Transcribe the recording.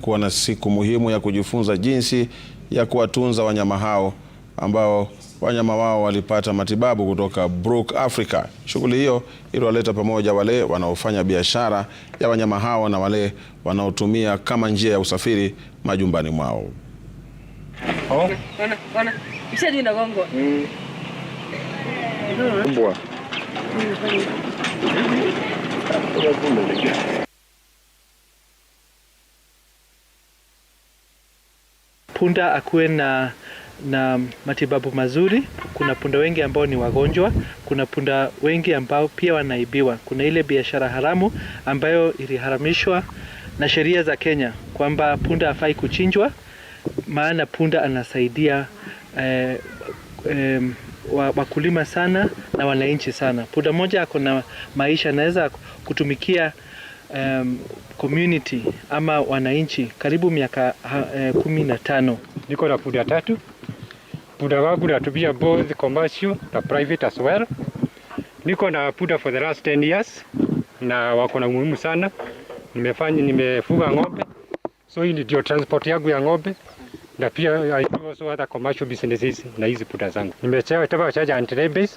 kuwa na siku muhimu ya kujifunza jinsi ya kuwatunza wanyama hao ambao wanyama wao walipata matibabu kutoka Brook Africa. Shughuli hiyo iliwaleta pamoja wale wanaofanya biashara ya wanyama hao na wale wanaotumia kama njia ya usafiri majumbani mwao. Oh. Mm. punda akuwe na na matibabu mazuri. Kuna punda wengi ambao ni wagonjwa, kuna punda wengi ambao pia wanaibiwa. Kuna ile biashara haramu ambayo iliharamishwa na sheria za Kenya kwamba punda hafai kuchinjwa, maana punda anasaidia eh, eh, wakulima sana na wananchi sana. Punda moja ako na maisha, anaweza kutumikia um, community ama wananchi karibu miaka uh, kumi na tano. Niko na punda tatu. Punda wangu natumia both commercial na private as well. Niko na punda for the last 10 years na wako na umuhimu sana. Nimefanya nimefuga ng'ombe, so hii ndio transport yangu ya ng'ombe na pia I do also other commercial businesses na hizi punda zangu. nimechewa tawa chaja antelope